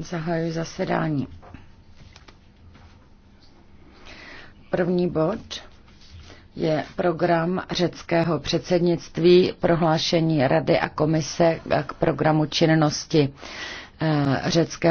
Zahajuji zasedání. První bod je program řeckého předsednictví, prohlášení Rady a komise k programu činnosti eh, řeckého